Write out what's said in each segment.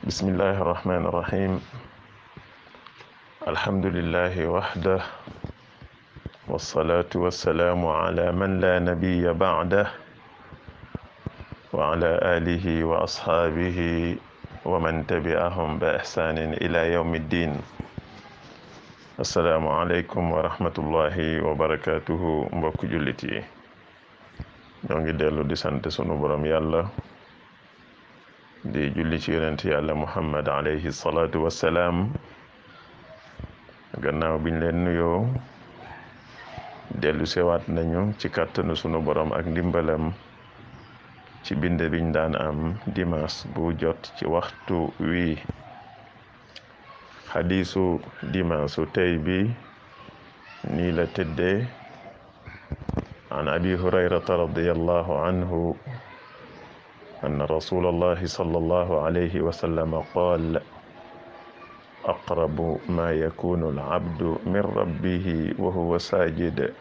بسم الله الرحمن الرحيم الحمد لله وحده والصلاة والسلام على من لا نبي بعده وعلى آله وأصحابه ومن تبعهم بإحسان إلى يوم الدين السلام عليكم ورحمة الله وبركاته مبكو جلتي ñoo ngi dellu di sant di julli ci yonent yàlla muhammad alayhi salaatu wassalaam gannaaw biñ leen nuyoo dellu sewaat nañu ci kàttanu sunu borom ak dimbalam ci bind biñ daan am dimanche bu jot ci waxtu wi xadiisu dimanche tey bi nii la tëddee an abi hurayrata radiallahu anhu أن رسول الله صلى الله عليه وسلم قال أقرب ما يكون العبد من ربه وهو ساجد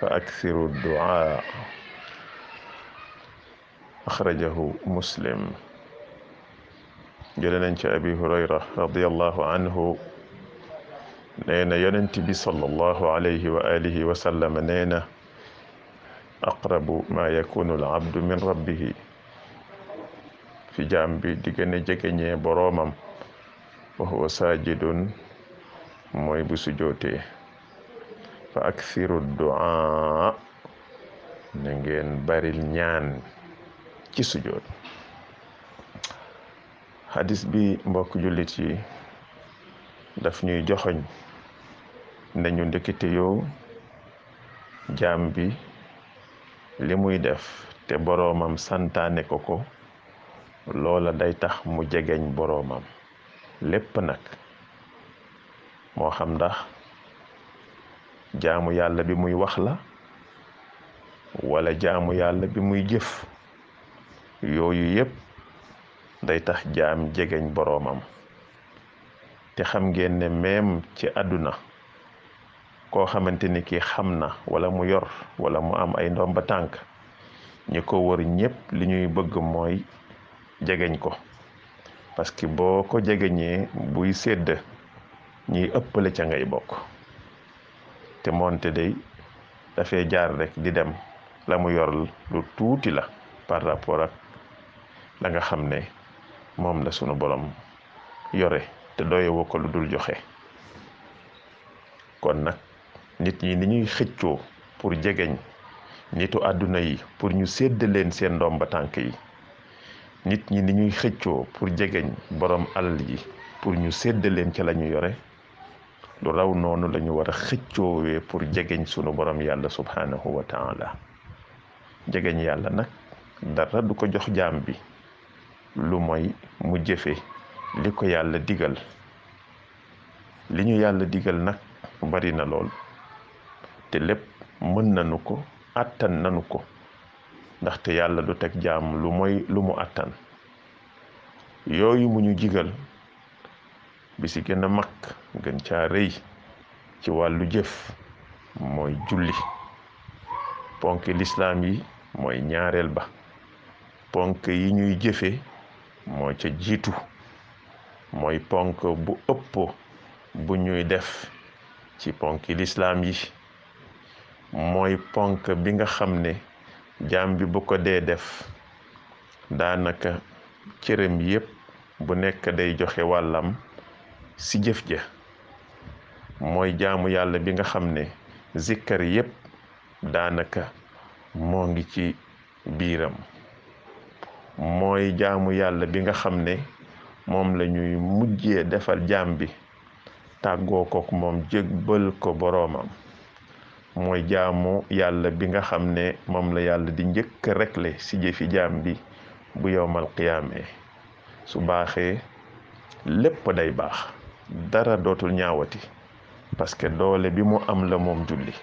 فأكثر الدعاء أخرجه مسلم جلنا أنت أبي هريرة رضي الله عنه نينا ينتبي صلى الله عليه وآله وسلم نينا أقرب ما يكون العبد من ربه fijambi diga ne jege ñeeboroomam o ho saaji ɗun moye busujoote fa acciru du'a ne ngeen baril ñaan ci sujoot hadis bi mbokk jullit yi daf ñuy joxoñ nañu ndëkkite yow jaam bi li muy def te boroomam santaane ko ko loola day tax mu jegeñ boroomam lépp nag moo xam ndax jaamu yàlla bi muy wax la wala jaamu yàlla bi muy jëf yooyu yépp day tax jaam jegeñ boroomam te xam ngeen ne meem ci àdduna koo xamante ni kii xam na wala mu yor wala mu am ay ndomba tànk ñi ko wër ñépp li ñuy bëgg mooy jegeñ ko parce que boo ko jegeñee buy sédd ñiy ëppale ca ngay bokk te moonte day dafay jaar rekk di dem la mu yor lu tuuti la par rapport ak la nga xam ne moom la sunu borom yore te doyewu ko lu dul joxe kon nag nit ñi ni ñuy xëccoo pour jegeñ nitu àdduna yi pour ñu sédd leen seen ndomba tànk yi nit ñi ni ñuy xëccoo pour jegeñ borom àll ji pour ñu séddaleen ca la ñu yore lu raw noonu la ñu war a xëccoowee pour jegeñ sunu borom yàlla subhaanahu wa taala jegeñ yàlla nag dara du ko jox jaam bi lu mooy mu jëfe li ko yàlla digal li ñu yàlla digal nag bari na lool te lépp mën nanu ko àttan nanu ko ndaxte yàlla du teg jaam lu mooy lu mu àttan yooyu mu ñu jigal bi ci gën a mag gën caa rëy ci wàllu jëf mooy julli ponk lislaam yi mooy ñaareel ba ponk yi ñuy jëfe moo ca jiitu mooy ponk bu ëpp bu ñuy def ci ponki lislaam yi mooy ponk bi nga xam ne jaam bi bu ko dee def daanaka cëram yépp bu nekk day joxe wàllam si jëf ja mooy jaamu yàlla bi nga xam ne zikkar yépp daanaka moo ngi ci biiram mooy jaamu yàlla bi nga xam ne moom lañuy ñuy defal jaam bi tàggoo ko moom jégbal ko boroomam mooy jaamu yàlla bi nga xam ne moom la yàlla di njëkk a réglé si jëfi jaam bi bu yowmal qiyaamee su baaxee lépp day baax dara dootul ñaawati parce que doole bi mu am la moom julli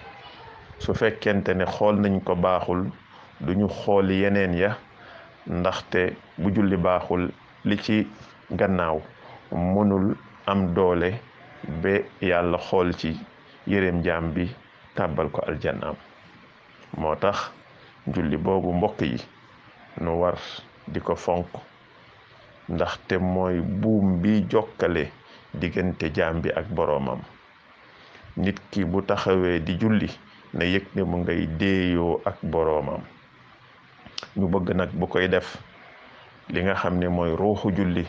su fekkente ne xool nañ ko baaxul duñu xooli yeneen ya ndaxte bu julli baaxul li ci gannaaw mënul am doole ba yàlla xool ci yërëm jaam bi tàbbal ko aljannaam moo tax julli boobu mbokk yi nu war di ko fonk ndaxte mooy buum bi jokkale diggante jaam bi ak boroomam nit ki bu taxawee di julli na yëg ne mu ngay déeyoo ak boroomam ñu bëgg nag bu koy def li nga xam ne mooy ruuxu julli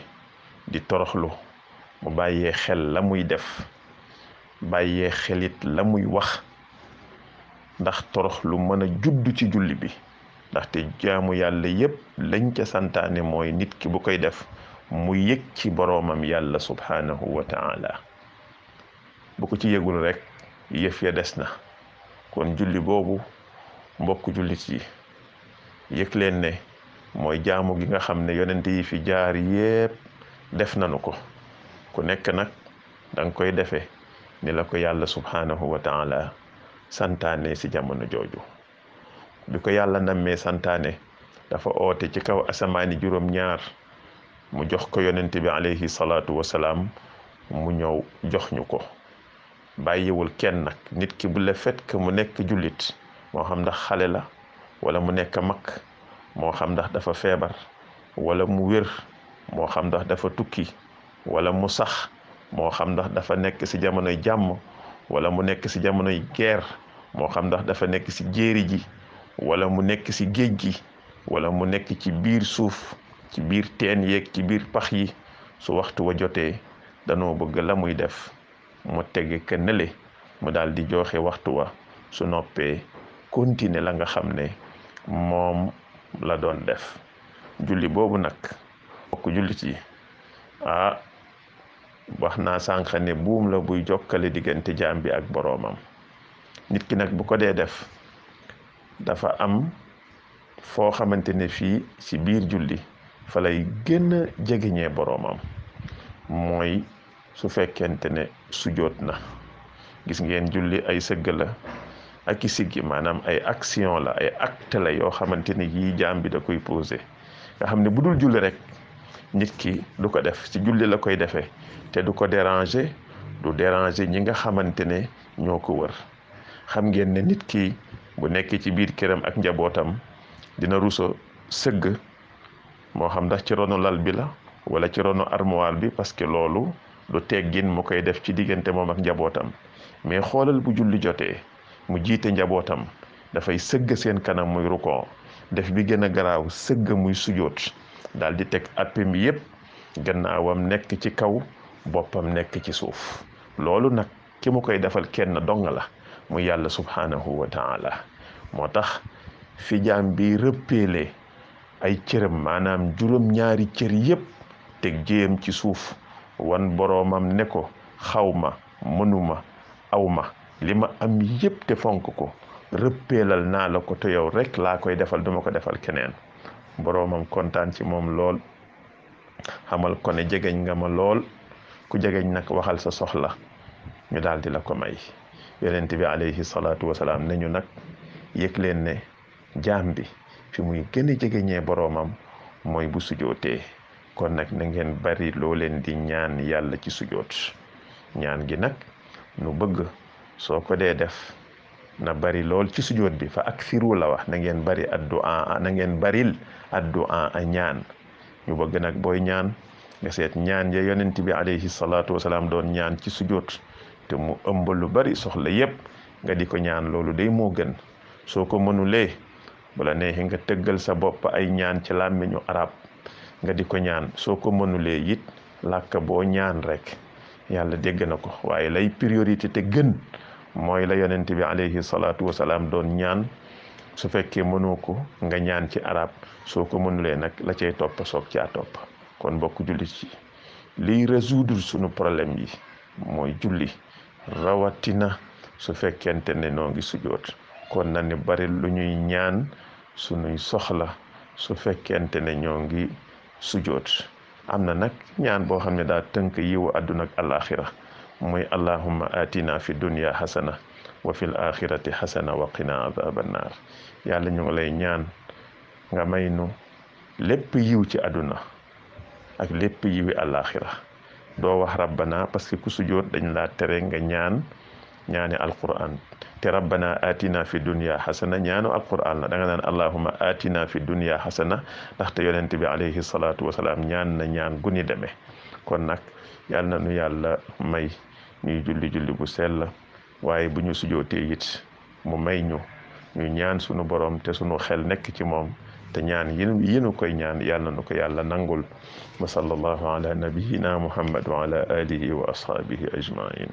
di toroxlu mu bàyyee xel la muy def bàyyee xelit la muy wax ndax torox lu mën a judd ci julli bi ndaxte jaamu yàlla yépp lañ ca santaane mooy nit ki bu koy def mu yëg ci boroomam yàlla subhaanahu wa ta'ala bu ko ci yëgul rekk yëf ya des na kon julli boobu mbokk jullit yi yëg leen ne mooy jaamu gi nga xam ne yonent yi fi jaar yépp def nanu ko ku nekk nag da koy defe ni la ko yàlla subhaanahu wa ta'ala santaane si jamono jooju bi ko yàlla nammee santaane dafa oote ci kaw asamaani juróom-ñaar mu jox ko yonent bi aleyhi salaatu wasalaam mu ñëw jox ñu ko bàyyiwul kenn nag nit ki bula la fekk mu nekk julit moo xam ndax xale la wala mu nekk mag moo xam ndax dafa feebar wala mu wér moo xam ndax dafa tukki wala mu sax moo xam ndax dafa nekk si jamonoy jàmm wala mu nekk si jamonoy guerre moo xam ndax dafa nekk ci jéeri ji wala mu nekk ci géej gi wala mu nekk ci biir suuf ci biir teen yeeg ci biir pax yi su waxtu wa jotee danoo bëgg la muy def mu tege ka nële mu dal di joxe waxtu wa su noppee continuer la nga xam ne moom la doon def julli boobu nag bokk jullit yi ah wax naa sànq ne buum la buy jokkale diggante jaam bi ak boroomam nit ki nag bu ko dee def dafa am foo xamante ne fii ci biir julli fa lay génn a jegeñee boroomam mooy su fekkente ne sujoot na gis ngeen julli ay sëgg la ak i siggi maanaam ay action la ay acte la yoo xamante ne yii jaam bi da koy posé nga xam ne bu dul julli rek nit ki du ko def ci julli la koy defee te du ko déranger du déranger ñi nga xamante ne ñoo ko wër xam ngeen ne nit ki bu nekkee ci biir këram ak njabootam dina ruso sëgg moo xam ndax ci ronu lal bi la wala ci ronu armoire bi parce que loolu du teggin mu koy def ci diggante moom ak njabootam mais xoolal bu julli jotee mu jiite njabootam dafay sëgg seen kanam muy rukon def bi gën a garaaw sëgg muy sujoot daal di teg appem yépp gannaawam nekk ci kaw boppam nekk ci suuf loolu nag ki mu koy defal kenn dong la mu yàlla subhaanahu wa taala moo tax fi jaam bi rëppeele ay cëram maanaam juróom-ñaari cër yépp teg jéem ci suuf wan boroomam ne ko xawma mënuma awma li ma am yépp te fonk ko rëppéelal naa la ko te yow rek laa koy defal duma ko defal keneen boroomam kontaan ci moom lool xamal ko ne jegeñ nga ma lool ku jegeñ nak waxal sa soxla ñu daal di la ko may yonent bi alayhi salaatu wasalaam nañu nag yëg leen ne jaam bi fi muy gën a jegeñee boroomam mooy bu sujootee kon nag na ngeen bari loo leen di ñaan yàlla ci sujoot ñaan gi nag nu bëgg soo ko dee def na bari lool ci sujoot bi fa ak akthiru la wax na ngeen bari addu'a na ngeen baril addu'a a ñaan ñu bëgg nag booy ñaan nga seet ñaan ya yonent bi alayhi salaatu wasalaam doon ñaan ci sujoot te mu ëmb lu bari soxla yépp nga di ko ñaan loolu day moo gën soo ko mënulee bu la neexee nga tëggal sa bopp ay ñaan ci làmmiñu arab nga di ko ñaan soo ko mënulee it làkk boo ñaan rek yàlla dégg na ko waaye lay priorité te gën mooy la yonent bi alayhi salaatu wasalaam doon ñaan su fekkee mënoo ko nga ñaan ci arab soo ko mënulee nag la cay topp soog caa topp kon bokk jullit yi liy résoudre sunu problème yi mooy julli rawatina su fekkente ne noo ngi kon na ni bari lu ñuy ñaan sunuy soxla su fekkente ne ñoo ngi sujoot am na nag ñaan boo xam ne daa tënk yiwu àdduna ak alaaxira muy allahumma atina fi dunya xasana wa fil axirati xasana wa qina adaba annaar yàlla ñu ngi lay ñaan nga may nu lépp yiw ci àdduna ak lépp yiwi alaaxira doo wax rabbana parce que ku sujjoot dañ laa tere nga ñaan ñaane alquran te rabbana atina fi dunya xasana ñaanu alquran la da nga naan allahuma atina fi dunya xasana ndaxte yonent bi alayhi salaatu wasalaam ñaan na ñaan guni demee kon nag yal na nu yàlla may ñuy julli julli bu sell waaye bu ñu sujootee it mu may ñu ñu ñaan sunu borom te sunu xel nekk ci moom te ñaan yi nu koy ñaan yàlla na ko yàlla nangul wa sallallahu ala nabiyina muhammad wa ala alihi wa ashaabihi ajmain